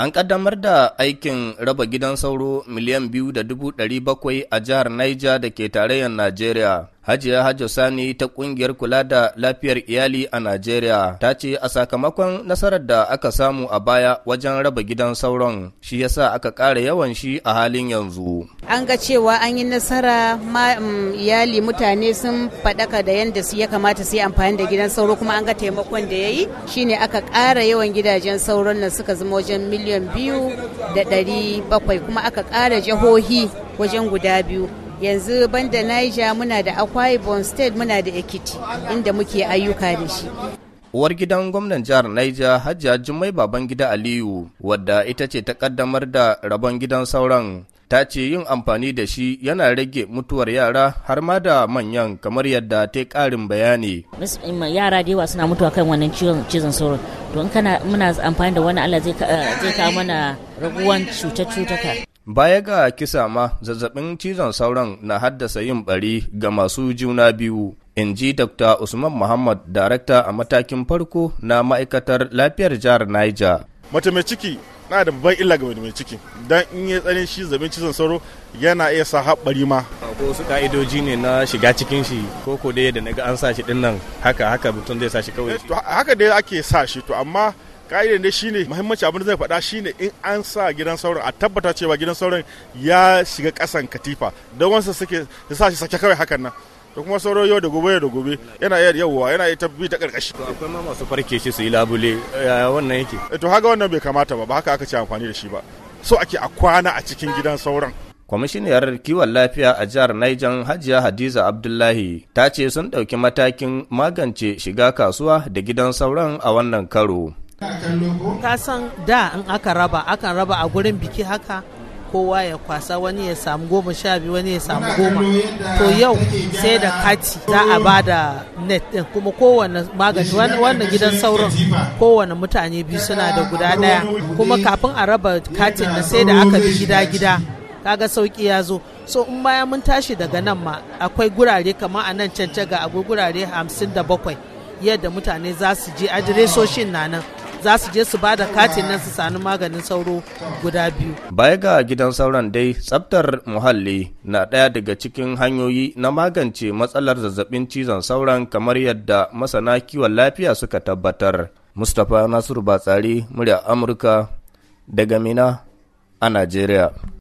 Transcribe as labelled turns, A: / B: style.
A: An ƙaddamar da aikin raba gidan sauro miliyan biyu da dubu ɗari bakwai a jihar Niger da ke tarayyar Najeriya. Hajiya Hajjo Sani ta ƙungiyar kula da lafiyar iyali a Najeriya ta ce a sakamakon nasarar da aka samu a baya wajen raba gidan sauron shi yasa aka ƙara yawan shi a halin yanzu.
B: an ga cewa an yi nasara ma mm, iyali mutane sun faɗaka da yadda su ya kamata su yi amfani da gidan sauro kuma an ga taimakon da ya yi shine aka ƙara yawan gidajen sauron nan suka zama wajen miliyan biyu da ɗari bakwai kuma aka ƙara jihohi wajen guda biyu yanzu banda Niger muna da Akwa Ibom State muna da Ekiti inda muke ayyuka
A: da shi. Uwar gidan gwamnan jihar Niger Hajiya Jummai Babangida Aliyu wadda ita ce ta kaddamar da rabon gidan sauran ta ce yin amfani da shi yana rage mutuwar yara har ma da manyan kamar yadda ta karin bayani.
C: Eh,
B: yara da yawa suna mutuwa kan wannan cizon sauro don kana muna amfani da wani allah eh, zai kawo mana raguwan cuta-cutaka.
A: Baya ga kisa ma zazzabin cizon sauran na haddasa yin bari ga masu juna biyu. in ji Dr. Usman Muhammad, darakta a matakin farko na ma'aikatar lafiyar jihar Niger. mace mai ciki na da babban illa ga mai ciki dan in ya tsanin shi zaben cizon sauro yana iya sa haɓari ma ko su ka'idoji ne na shiga cikin shi ko ko dai da naga an sa shi dinnan haka haka mutum zai sa shi kawai eh, to
D: haka dai ake sa shi to amma ka'idar ne shine muhimmanci abin da zai faɗa shine in an sa gidan sauran a tabbata cewa gidan sauran ya shiga ƙasan katifa don wansa suke sa shi sake kawai hakan nan To kuma sauro yau da gobe da gobe yana iya yawwa yana iya tabbi ta
A: karkashi to akwai ma masu farke shi su yi labule wannan yake eh, to haka wannan bai kamata ba ba haka aka
D: ce amfani da shi ba so ake a kwana a cikin gidan sauran
A: kwamishiniyar kiwon lafiya a jihar Niger Hajiya Hadiza Abdullahi ta ce sun ɗauki matakin magance shiga kasuwa da gidan sauran a wannan karo.
C: Ka san da in aka raba, akan raba a gurin biki haka kowa ya kwasa wani ya samu goma sha biyu wani ya samu goma to yau sai da kati za a ba da net din kuma kowane magani wannan gidan sauran kowane mutane biyu suna da guda daya kuma kafin a raba katin na sai da aka bi gida gida kaga sauki ya zo so in baya mun tashi daga nan ma akwai gurare kamar a nan cancaga ga gurare hamsin da bakwai yadda mutane za su je adiresoshin na nan za su je su ba da katin nan su sani maganin sauro guda biyu.
A: Baya ga gidan sauran dai tsabtar muhalli na ɗaya daga cikin hanyoyi na magance matsalar zazzabin cizon sauran kamar yadda masana kiwon lafiya suka tabbatar. Mustapha Nasiru Batsari, murya Amurka daga Mina a Najeriya.